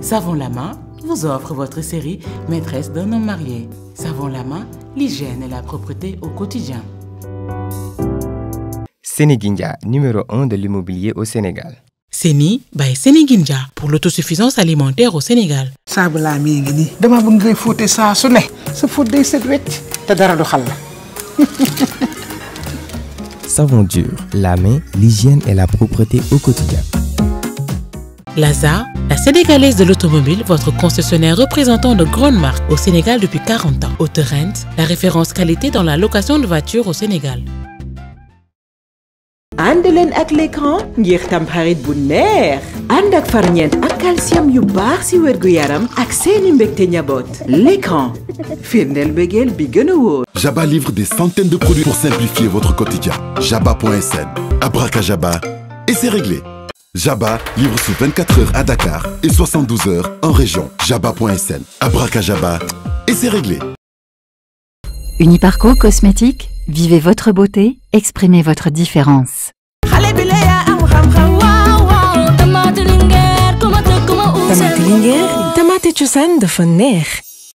Savon la main vous offre votre série Maîtresse d'un homme marié. Savon la main, l'hygiène et la propreté au quotidien. Sénéguinja, numéro 1 de l'immobilier au Sénégal. Seni by pour l'autosuffisance alimentaire au Sénégal. Savon dur, la main, l'hygiène et la propreté au quotidien. Laza, la Sénégalaise de l'automobile, votre concessionnaire représentant de grandes marques au Sénégal depuis 40 ans. Autorent, la référence qualité dans la location de voitures au Sénégal. Andelen ak l'écran ngir bu neex And ak ak calcium yu baax ci yaram ak seeni l'écran begel bi livre des centaines de produits pour simplifier votre quotidien jaba.sn abracajaba et c'est réglé Jabba livre sous 24 heures à Dakar et 72 heures en région. Jabba.sn. Abracajaba. Et c'est réglé. Uniparco Cosmétique. Vivez votre beauté. Exprimez votre différence.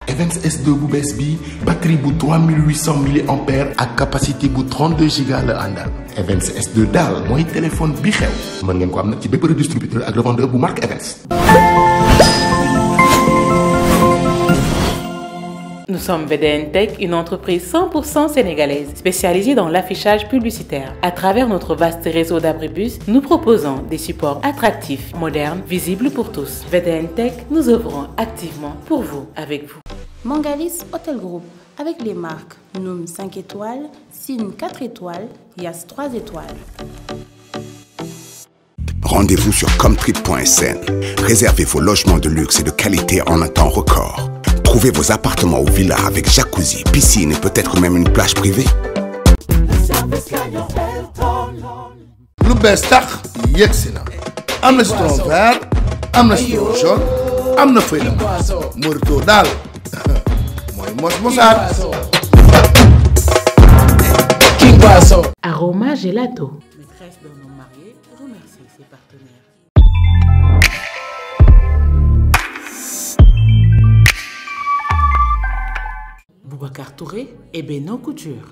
Evans S2 bu batterie bu 3800 mAh à capacité bu 32 Go. Events S2 Dal un téléphone bi xew mën ngeen ko am de ci bépp redistributeur ak revendeur bu marque Evans Nous sommes VDN Tech, une entreprise 100% sénégalaise spécialisée dans l'affichage publicitaire. À travers notre vaste réseau d'abribus, nous proposons des supports attractifs, modernes, visibles pour tous. VDN Tech, nous œuvrons activement pour vous, avec vous. Mangalis Hotel Group, avec les marques Noom 5 étoiles, SIN 4 étoiles, Yas 3 étoiles. Rendez-vous sur comtrip.sn. Réservez vos logements de luxe et de qualité en un temps record. Trouvez vos appartements ou villas avec jacuzzi, piscine et peut-être même une plage privée. lu bees tax yegg si na am na citron vert am na citron jaune am na feuille de gelato. Touré et Beno Couture.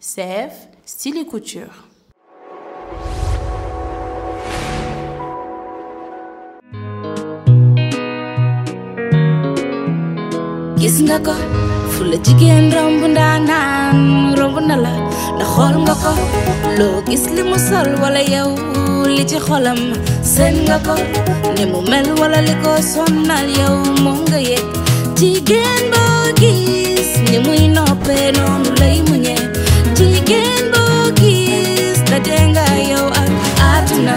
CF, style et couture. Qu'est-ce d'accord Fula jigéen romb ndaanaan romb na la ndax xool nga ko loo gis li mu sol wala yow li ci xolam sen nga ko ni mu mel wala li ko sonnal yow moom nga yëg jigéen boo gis ni muy noppee noonu lay muñee jigéen boo gis dajee nga yow ak àdduna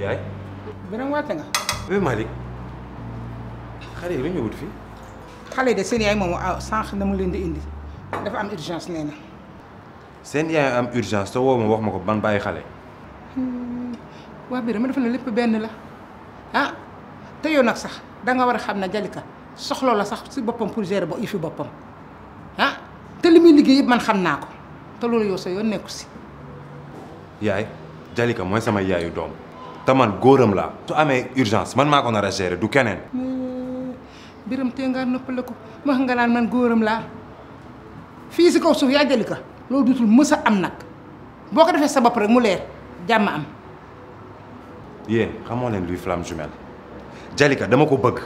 yaay. beneen waate nga. oui eh, Malick xale yi lu ñu wut xale yi de seen yaay moom ah, sànq na mu leen di indi dafa am urgence nee seen yaay am urgence te woo ma wax ma ko ban bàyyi xale. Hmm, waa biir ma na ne lépp benn la ah te yow nag sax danga war a xam ne Jalika soxla la sax si boppam pour gérer ba yi fi boppam ah te li liggéey yëpp man xam naa ko te loolu yow sa yoon nekku si. yaay Jalika mooy sama yaayu doom. te man góoram laa. su amee urgence man maa ko nar a du keneen. Hmm, biram tee ngaa noppale ko wax nga naan man góoram laa fii si kaw suuf yaa jëli ko loolu dutul mës am nag boo ko defee sa bopp rek mu leer jàmm am. yéen xamoo leen luy flamme jumelle Jalika dama ko bëgg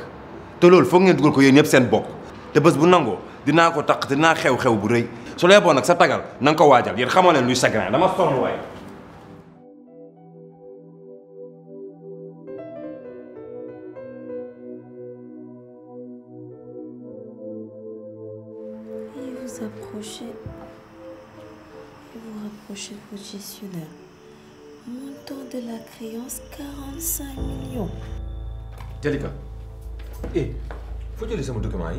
te loolu foog ngeen dugal ko yéen ñëpp seen bopp te bés bu nangoo dinaa ko taq dinaa xew-xew bu rëy su lee boo nag sa tagal na ko waajal yéen xamoo leen luy sagrin dama sonn waaye. de gestionnaire. Montant de la créance 45 millions. Jalika, eh, faut laisser mon document.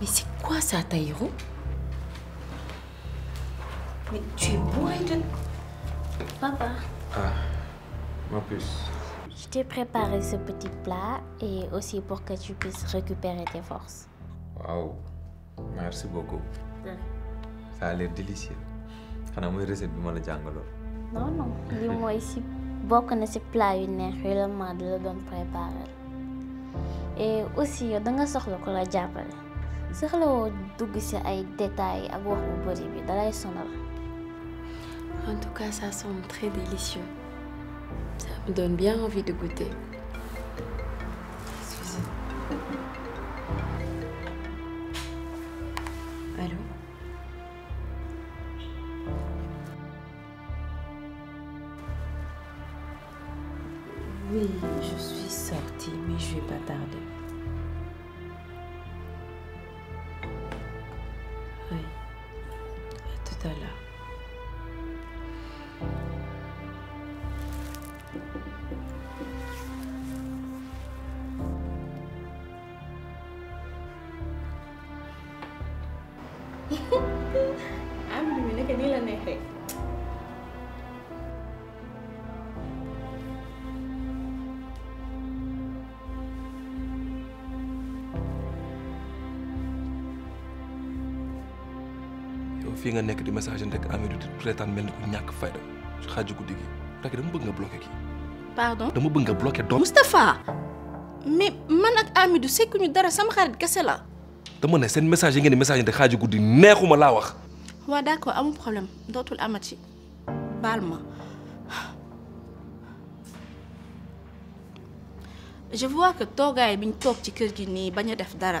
Mais c'est quoi ça, Taïro Mais tu es bourré de. Papa. Ah, ma puce. Je t'ai préparé ce petit plat et aussi pour que tu puisses récupérer tes forces. Waouh, merci beaucoup. Hein ça a l'air délicieux xanaa mooy recette bi ma la jàngaloon. non non li mooy si bokk na si plat yu neex yu la maa la doon préparer et aussi yow da nga soxla ko la jàppale soxla woo dugg si ay détails ak wax bu bëri bi dalay sonal. en tout cas ça semble très délicieux ça me donne bien envie de goûter. fii nga nekk di message rek Amidou di prétendre mel ni ku ñàkk fayda xaaju guddi gi dama bëgg nga bloqué kii. pardon dama bëgg nga bloqué doom. Moustapha mais man ak Amidou sekkuñu dara sama xarit kese la. dama ne seen message yi ngeen message rek xaaju guddi neexuma laa wax. waaw d'accord amul problème dootul amati baal ma je vois que toogaay bi toog ci kër gi nii bañ a def dara.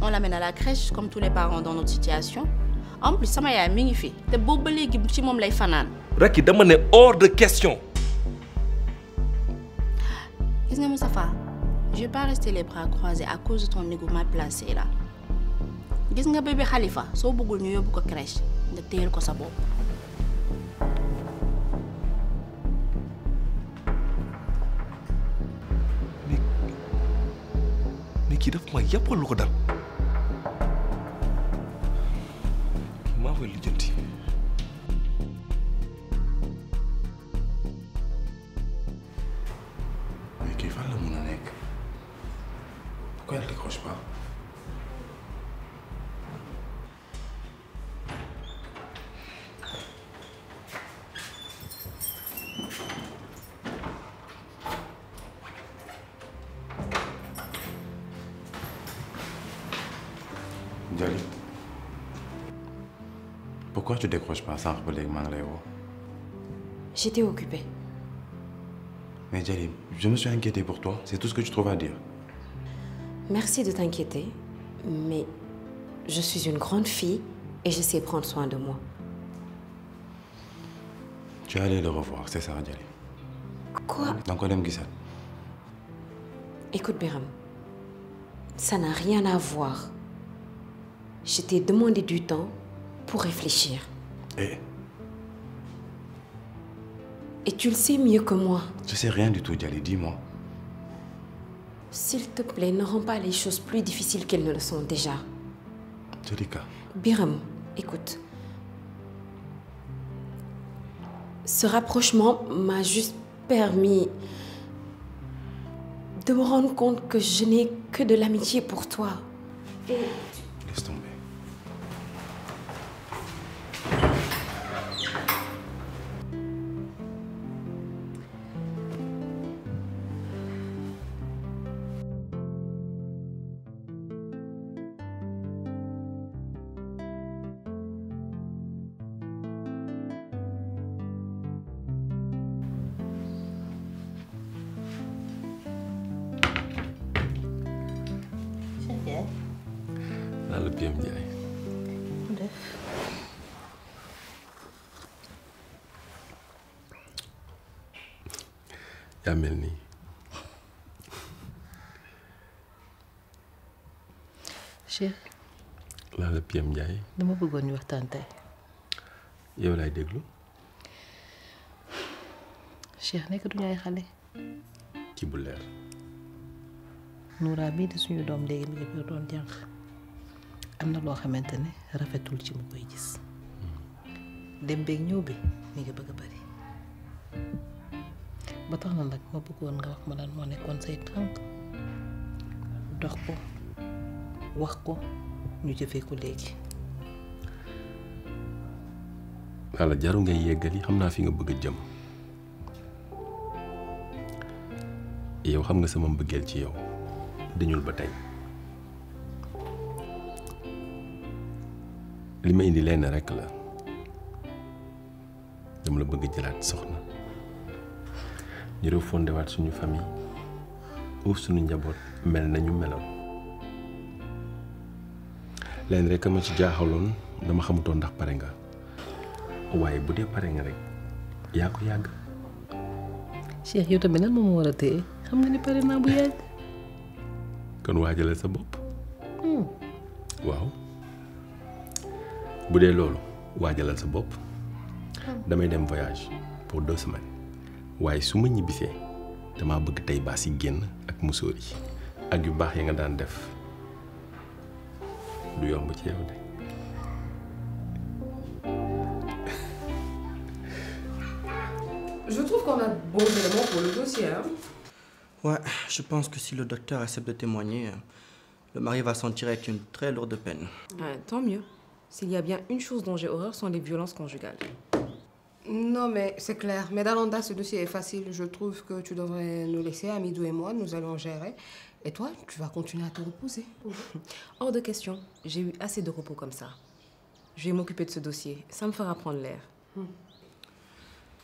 on l'amène à la crèche comme tous les parents dans notre situation en plus ça m'a mi ngi fi ci hors de question. je vais pas rester les bras croisés à cause de ton égo mal placé là nga bébé Khalifa crèche mais ma Djali. pourquoi tu décroches pas sans rappeler j'étais occupée. mais Djali, je me suis inquiétée pour toi c'est tout ce que tu trouves à dire. merci de t'inquiéter mais je suis une grande fille et je sais prendre soin de moi. tu es allé le revoir c'est ça Djali. quoi. Dans quoi écoute Biram ça n'a rien à voir je t'ai demandé du temps pour réfléchir. Et eh. Et tu le sais mieux que moi. Je sais rien du tout, dis-moi. S'il te plaît, ne rends pas les choses plus difficiles qu'elles ne le sont déjà. cas. Biram, écoute. Ce rapprochement m'a juste permis de me rendre compte que je n'ai que de l'amitié pour toi. Et yow laay déglu. Cheikh nekk duñu xale. ci bu leer. Noura bii di suñu doom léegi mi ngi doon jànq am na loo xamante ne rafetul ci mu koy gis. Hmm. dem beeg ñëw bi mi ngi bëgg a bari. ba tax na nag ma bëggoon nga wax ma lan moo nekkoon say tànk dox ko wax ko ñu jëfee ko léegi. Kalau jarum jaru ngay yeggali xam naa fi nga bëgg a jëm yow xam nga sama mbëggeel ci yow dañul ba tey li ma indi lenn rek la dama la bëgg jëlaat soxna ñu refondé waat suñu famille uuf suñu njaboot mel nañu meloon lenn rek ma ci jaaxaloon dama xamutoon ndax pare nga waye ya, ya? kan ya, hmm. bu dee pare nga rek yaa ko yàgg cheikh yow tamit lan moom war a téye xam nga ni pare naa bu yàgg kon waajale sa bopp waaw bu dee loolu waajalal hmm. sa bopp damay dem voyage pour deux semaines waaye su ma ñibbisee damaa bëgg tey baas yi génn ak musóor yi ak yu baax yi nga daan def du yomb ci yow de je trouve qu'on a bons éléments pour le dossier. Hein. Ouais, je pense que si le docteur accepte de témoigner, le mari va s'en avec une très lourde peine. tant mieux. S'il y a bien une chose dont j'ai horreur, sont les violences conjugales. Non, mais c'est clair. Mais Dalanda, ce dossier est facile. Je trouve que tu devrais nous laisser, Amidou et moi, nous allons gérer. Et toi, tu vas continuer à te reposer. Hors de question. J'ai eu assez de repos comme ça. Je vais m'occuper de ce dossier. Ça me fera prendre l'air. Hmm.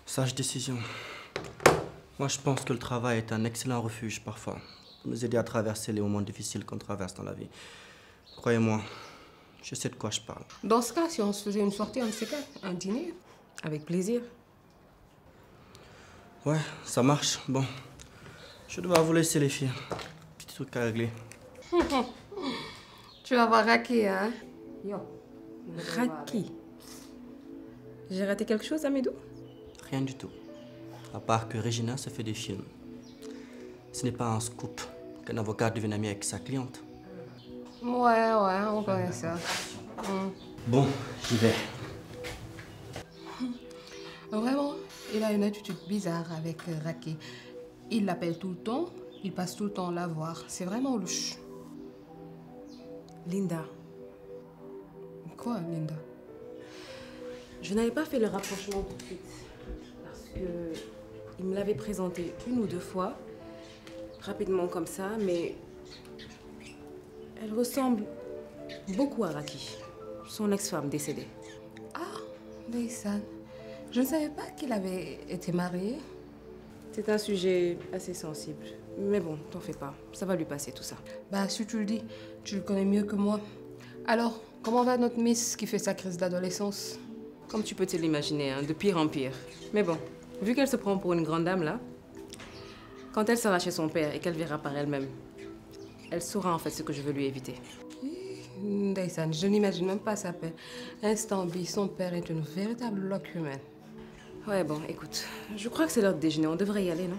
Sage décision. Moi, je pense que le travail est un excellent refuge parfois pour nous aider à traverser les moments difficiles qu'on traverse dans la vie. Croyez-moi, je sais de quoi je parle. Dans ce cas, si on se faisait une sortie, on de sait un dîner, avec plaisir. Ouais, ça marche. Bon, je dois vous laisser les filles. Petit truc à régler. tu vas voir Raki, hein Yo. Raki. J'ai raté quelque chose, Amédou rien du tout, à part que Regina se fait des films. Ce n'est pas un scoop qu'un avocat devienne ami avec sa cliente. Ouais, ouais, on connaît ça. Mm. Bon, j'y vais. Vraiment, il a une attitude bizarre avec euh, Raki. Il l'appelle tout le temps, il passe tout le temps la voir. C'est vraiment louche. Linda. Quoi, Linda Je n'avais pas fait le rapprochement tout de suite. Il me l'avait présenté une ou deux fois, rapidement comme ça, mais elle ressemble beaucoup à Raki, son ex-femme décédée. Ah, Neysan, je ne savais pas qu'il avait été marié. C'est un sujet assez sensible. Mais bon, t'en fais pas. Ça va lui passer tout ça. Bah, si tu le dis, tu le connais mieux que moi. Alors, comment va notre Miss qui fait sa crise d'adolescence Comme tu peux te l'imaginer, hein, de pire en pire. Mais bon, Vu qu'elle se prend pour une grande dame, là, quand elle sera chez son père et qu'elle verra par elle-même, elle saura en fait ce que je veux lui éviter. Daisan, je n'imagine même pas sa paix..! Instant B, son père est une véritable loque humaine. Ouais, bon, écoute, je crois que c'est l'heure de déjeuner. On devrait y aller, non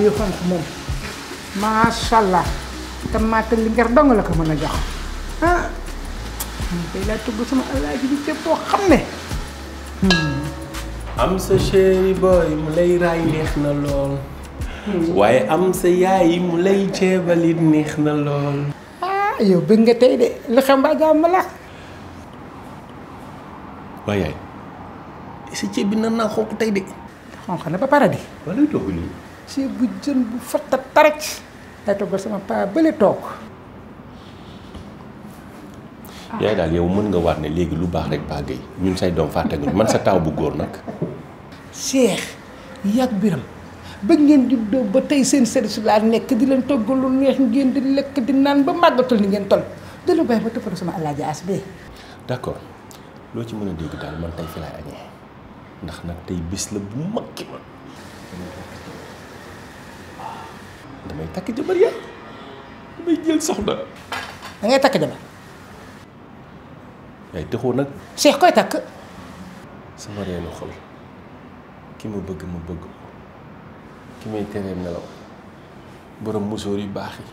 bi xonk moom macha allah tamaate lingeer dong la ko mën a jox ah day laa tugg sama Allah bi te boo xam am sa chéri boy mu lay nih neex na lol waaye am sa yaay mu lay ceebalit neex na lol ah yow bëgg nga tey de li xam ba jàmm la waaye yaay sa ceeb bi nan naa xonk tey de xonk na ba pare wala bu jeun bu fatta tarac ay toggal sama pa beli tok ah. ya dal yow meun nga wat ne legui lu bax rek ba gay ñun say doom fatte nga man sa taw bu gor nak Cheikh yak biram ba ngeen di do ba tay seen service la nek di len toggal lu neex ngeen di lek di nan ba magatul ni ngeen tol lu bay ba toppatoo sama alaaji asbe d'accord lo ci meuna deg dal man tay fi lay agne ndax nak tay bis la bu makki ma damay takk jabar ya damay jël soxna da ngay takk jabar yaay taxo nak cheikh koy takk sama reenu xol ki ma bëgg ma bëgg ko ki may téré melaw borom musóor yu baax yi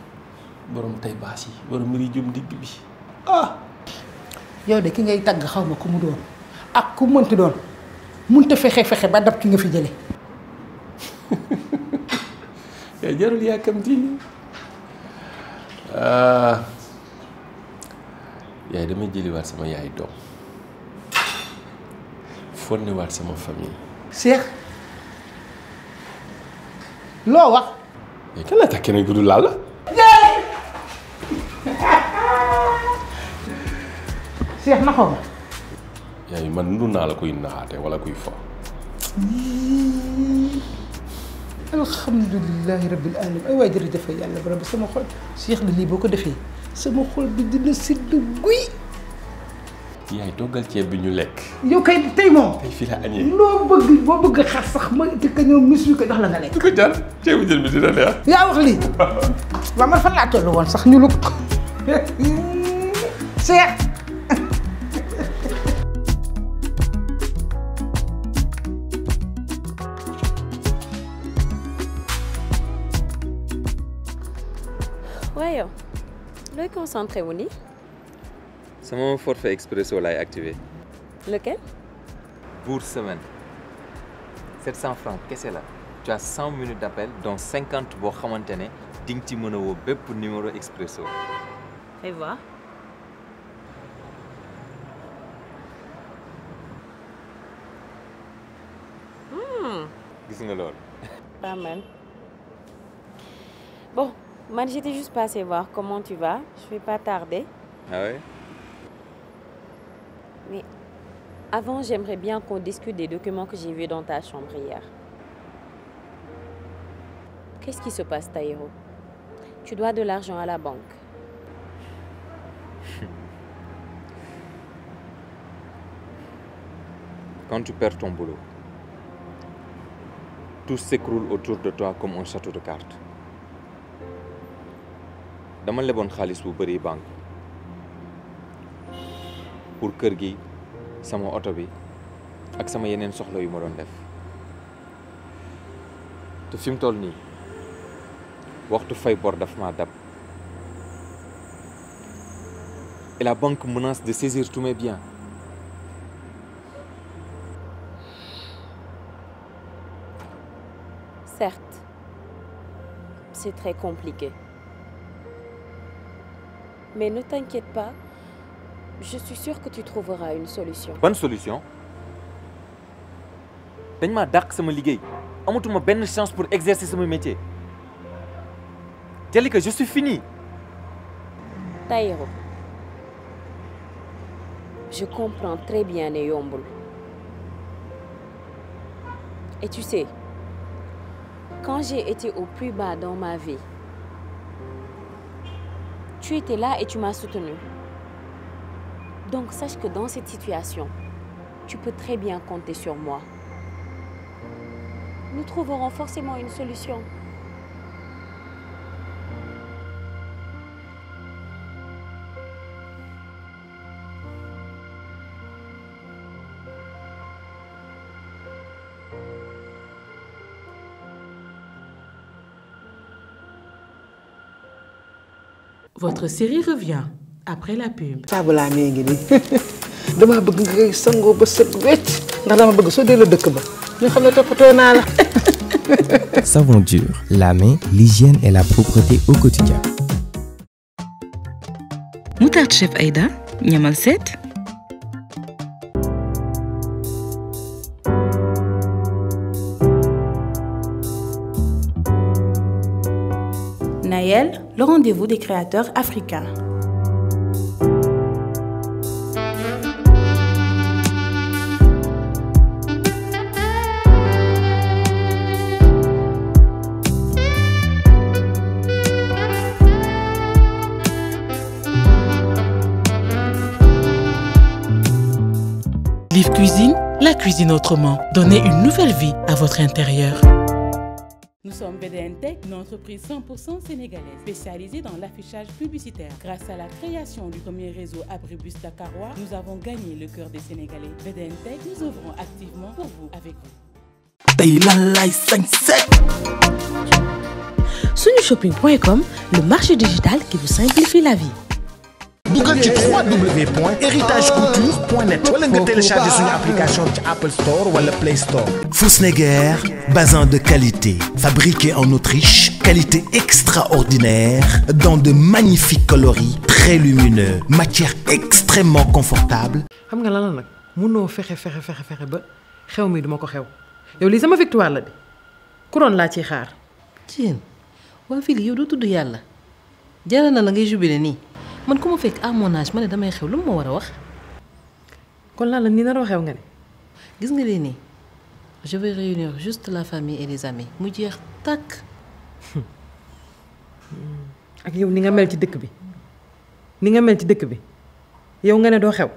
borom tay bass yi borom ri jum digg bi ah yow de ki ngay tag xawma ku mu doon ak ku mënti doon munta fexé fexé ba dab ki nga fi jële Eh, jarul yàkkamti ah, yaay damay jëliwaat sama yaay doom fonniwaat sama famille. Cheikh loo wax. mais eh, kan tax keneen ku dul laal la. Cheikh naxoo ma. yaay man ndu naa la kuy naxaate wala kuy fo. الحمد لله رب العالمين ايوا دير دفا يلا برب سما خول شيخ دلي بوكو دفي سما خول بدنا سد غوي يا هي يعني توغال تي بي نيو ليك يو كاي تاي مو تاي في اني نو بغ بو بغ خا صح ما تك نيو مسيو كي دخل لا ليك كي تي مو دير مدير لا يا واخ لي ما ما فلا تولو صح نيو لوك شيخ concentré wu C'est mon forfait expresso est activé. lequel. pour semaine. 700 francs quest que' là? tu as 100 minutes d'appel dont 50 voix xamante Dingti numéro expresso. et voir. Hmm. pas mal bon. Moi, j'étais juste passé voir comment tu vas. Je vais pas tarder. Ah oui..? Mais avant, j'aimerais bien qu'on discute des documents que j'ai vus dans ta chambre hier. Qu'est-ce qui se passe, Taïro Tu dois de l'argent à la banque. Quand tu perds ton boulot, tout s'écroule autour de toi comme un château de cartes dama leboon Khalis bu bëri banque pour Kergi, gi sama oto bi ak sama yeneen soxla yu ma doon def te fi mu toll nii waxtu fay bor ma dab et la banque menace de saisir tous mes biens certes c'est très compliqué mais ne t'inquiète pas, je suis sûre que tu trouveras une solution. Bonne solution dañ ma dàq sama trouve amatuma une chance pour exercer ce métier que je suis fini Taïro, je comprends très bien les et tu sais quand j'ai été au plus bas dans ma vie tu étais là et tu m'as soutenu. Donc sache que dans cette situation, tu peux très bien compter sur moi. Nous trouverons forcément une solution. Votre série revient après la pub. taabalaa nee ngi nii damaa bëgg ngay sangoo ba set wecc ndax dama bëgg soo delloo dëkk ba ñu xam ne toppatoo la. Savon dur, la main, l'hygiène et la propreté au quotidien. Moutarde Chef Aïda, ñamal seet. rendez-vous des créateurs africains. Live Cuisine, la cuisine autrement. Donnez une nouvelle vie à votre intérieur une entreprise 100% sénégalaise spécialisée dans l'affichage publicitaire. Grâce à la création du premier réseau Abribus Dakarois, nous avons gagné le cœur des Sénégalais. Dentec, nous ouvrons activement pour vous, avec vous. le marché digital qui vous simplifie la vie dugal ci 3w point héritage couture point net wala nga télécharger application Apple Store wala Play Store. Fusneger bazin de qualité fabriqué en Autriche qualité extraordinaire dans de magnifiques coloris très lumineux matière extrêmement confortable. xam nga lan la nag mënoo fexe fexe fexe fexe ba xew mi duma ko xew yow li sama victoire la de couronne la ciy xaar. Diène waa fii yow doo tudd yàlla jaral na la ngay jubile nii man ku ma fekk à mon âge ma ne damay xew lu ma war a wax. kon lan la ni nar waxew nga ne. gis nga leen ni je vais réunir juste la famille et les amis mu jeex tàkk. Hmm. ak yow ni nga mel ci dëkk bi ni nga mel ci dëkk bi yow nga ne doo xew.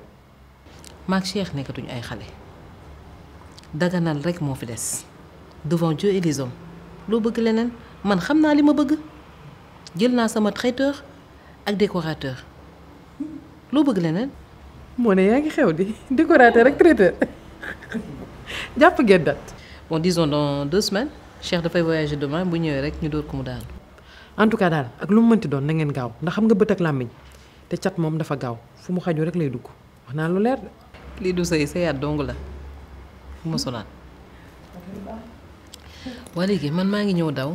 maak Cheikh nekkatuñu ay xale. daganal rek moo fi des devant Dieu et les hommes loo bëgg leneen man xam naa li ma bëgg jël naa sama traiteur. ak décorateur loo bëgg leneen. moo ne yaa ngi xew di décorateur ak traiteur jàpp ngeen date. bon disons dans deux semaines Cheikh dafay voyager demain bu ñëwee rek ñu dóor ko mu daal. en tout cas daal ak lu mu mënti doon na ngeen gaaw ndax xam nga bët ak làmmiñ te cat moom dafa gaaw fu mu xaju rek lay dugg wax naa lu leer de. lii du sëy sëyaat dong la bu ma sonaan. waa man maa ngi ñëw daw.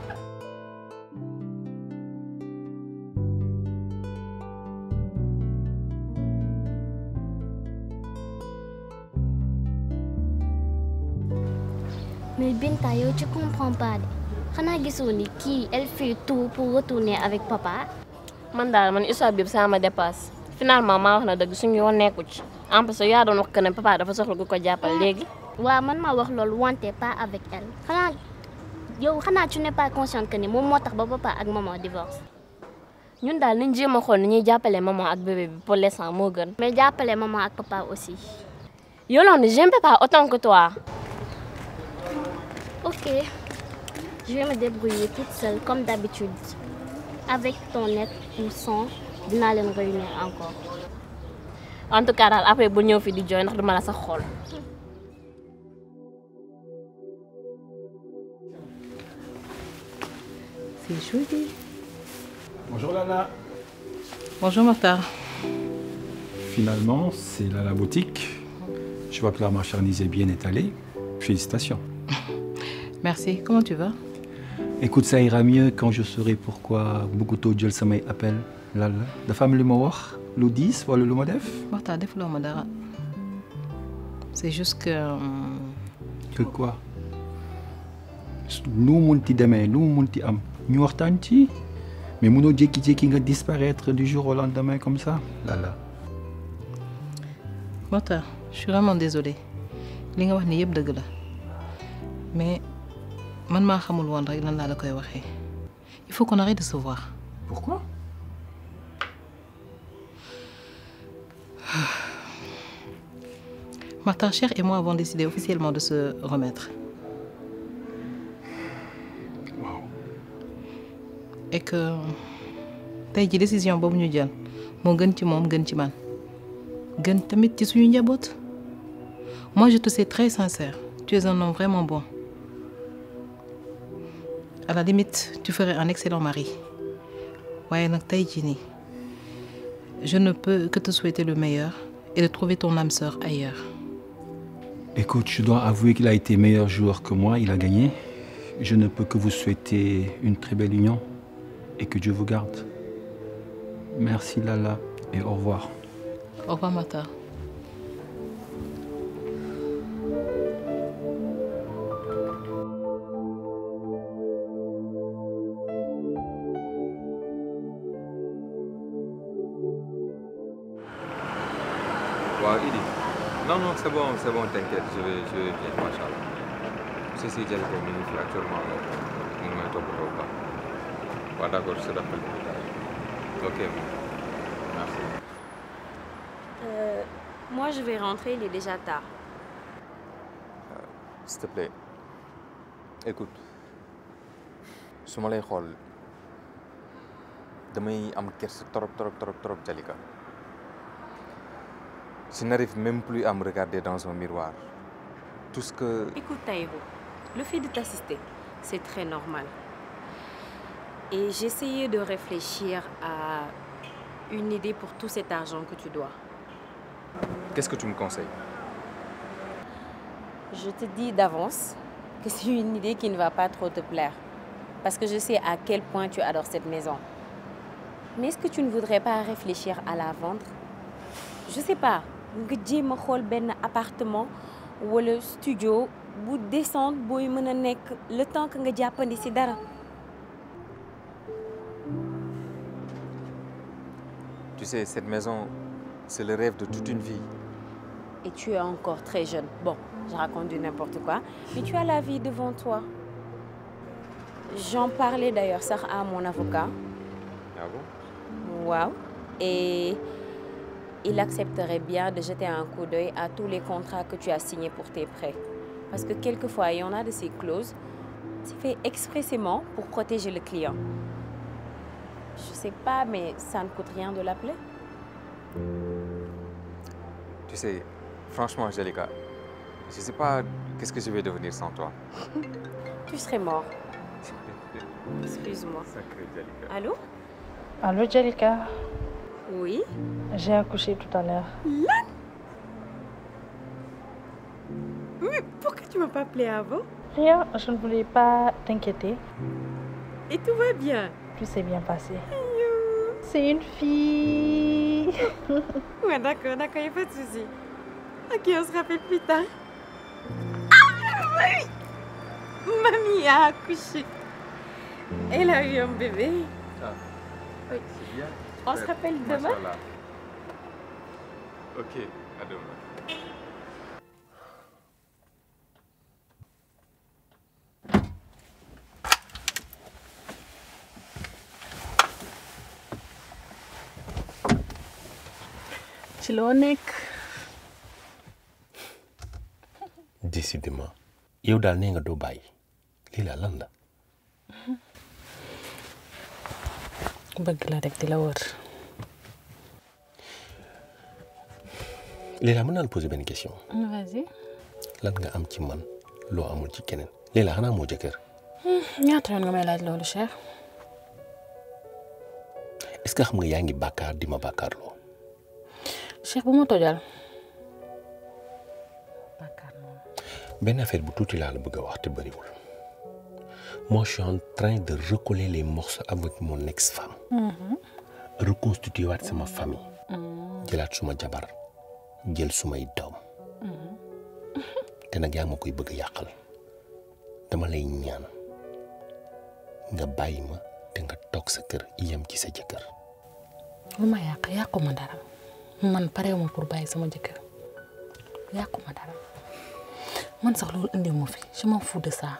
mais Binta tu comprends pas Quand xanaa gisoo ni elle fait tout pour retourner avec papa. man mon man histoire bi ça ma dépasse finalement maman a na dëgg suñu yoon nekku ci en plus yaa doon wax que ne papa dafa soxla ku ko jàppale léegi. waaw man maa wax pas avec elle Quand yo, xanaa tu n'es pas consciente que ni moom moo ba papa ak maman divorce. ñun dal nañ jéem a xool ni ñuy maman ak bébé bi pour l'instant mo gën. mais jàppale maman ak papa aussi. Yolande j'aime papa autant que toi. Ok, je vais me débrouiller toute seule comme d'habitude. Avec ton aide ou sans, vais me réunir encore. en tout cas après je vais me di jooy c'est joli. bonjour Lana. bonjour Martha. Finalement, c'est là la boutique. Je vois que la marchandise est bien étalée. Félicitations. Merci. Comment tu vas Écoute, ça ira mieux quand je saurai pourquoi beaucoup le Samay appellent. Lala. La femme le mawar, le 10 ou le C'est juste que. Euh, que quoi Nous, mon petit demain, nous, mon petit am. Nous, on mais mon Dieu qui va disparaître du jour au lendemain comme ça. Lala. Mota, je suis vraiment désolée. Ce que tu Mais man ne sais pas rek nan laa la koy il faut qu'on arrête de se voir. pourquoi. Martha Cher et moi avons décidé officiellement de se remettre. et que t'as ji décision boobu ñu jël mon gën ci homme, gën ci man gën tamit ci un homme. moi je te sais très sincère tu es un homme vraiment bon à la limite, tu ferais un excellent mari. je ne peux que te souhaiter le meilleur et de trouver ton âme sœur ailleurs. Écoute, je dois avouer qu'il a été meilleur joueur que moi, il a gagné. Je ne peux que vous souhaiter une très belle union et que Dieu vous garde. Merci Lala et au revoir. Au revoir Mata. c'est bon, t'inquiète, je vais, bien, Si, j'ai le actuellement, euh, ne pas. je Ok, merci. Euh, moi, je vais rentrer, il est déjà tard. Euh, s'il te plaît, écoute. je suis lay je n'arrive même plus à me regarder dans un miroir. Tout ce que... Écoute, Taïro, le fait de t'assister, c'est très normal. Et j'essayais de réfléchir à une idée pour tout cet argent que tu dois. Qu'est-ce que tu me conseilles Je te dis d'avance que c'est une idée qui ne va pas trop te plaire. Parce que je sais à quel point tu adores cette maison. Mais est-ce que tu ne voudrais pas réfléchir à la vendre Je sais pas nga jéem a xool un appartement un studio bu descendre booy mën a le temps que nga jappandi ci dara tu sais cette maison c'est le rêve de toute une vie et tu es encore très jeune bon je raconte du n'importe quoi mais tu as la vie devant toi j'en parlais d'ailleurs ça à mon avocat ah bon Wow. et il accepterait bien de jeter un coup d'œil à tous les contrats que tu as signés pour tes prêts. Parce que quelquefois, il y en a de ces clauses, c'est fait expressément pour protéger le client. Je sais pas, mais ça ne coûte rien de l'appeler. Tu sais, franchement, Jalika, je sais pas qu'est-ce que je vais devenir sans toi. tu serais mort. Excuse-moi. Allô Allô, Jalika. Oui. J'ai accouché tout à l'heure. Mais pourquoi tu ne m'as pas appelé avant Rien, je ne voulais pas t'inquiéter. Et tout va bien Tout s'est bien passé. C'est une fille Ouais, d'accord, il n'y a pas de souci. Ok, on se rappelle plus tard. Ah, oui Mamie a accouché. Elle a eu un bébé. Ah, c'est bien. On se rappelle demain Machallah. Ok, à demain. ci décidément yow daal nee nga do bàyyi Lila landa. bëgg la rek di la wër. Leila naa la poser benn question. lan nga am ci man loo amul ci keneen Leila xanaa moo jëkkër. Hmm, ñaata que xam nga yaa ngi bàkkaar di ma bàkkaar loo. Cheikh bu ma tojal. benn affaire bu tuuti laa la bëgg a wax te moi je suis en train de recoller les morceaux avec mon ex-femme. Mhm. reconstituer waat sama famille. Mhm. jëlaat suma jabar jël sumay doom. Mhm. te nag yaa ma koy bëgg a yàqal dama lay ñaan nga bàyyi ma te nga toog sa kër yem ci sa jëkkër. lu ma yàq yàquma dara man parewuma pour bàyyi sama jëkkër yàquma dara man sax loolu indi mo fi je m'en fous de ça.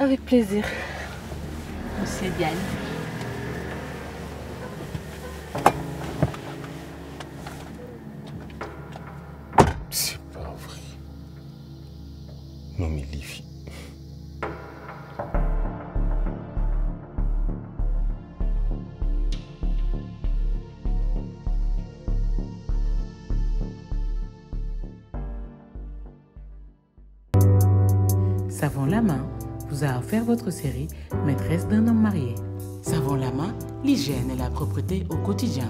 Avec plaisir. On s'est bien. série Maîtresse d'un homme marié. Savons la main, l'hygiène et la propreté au quotidien.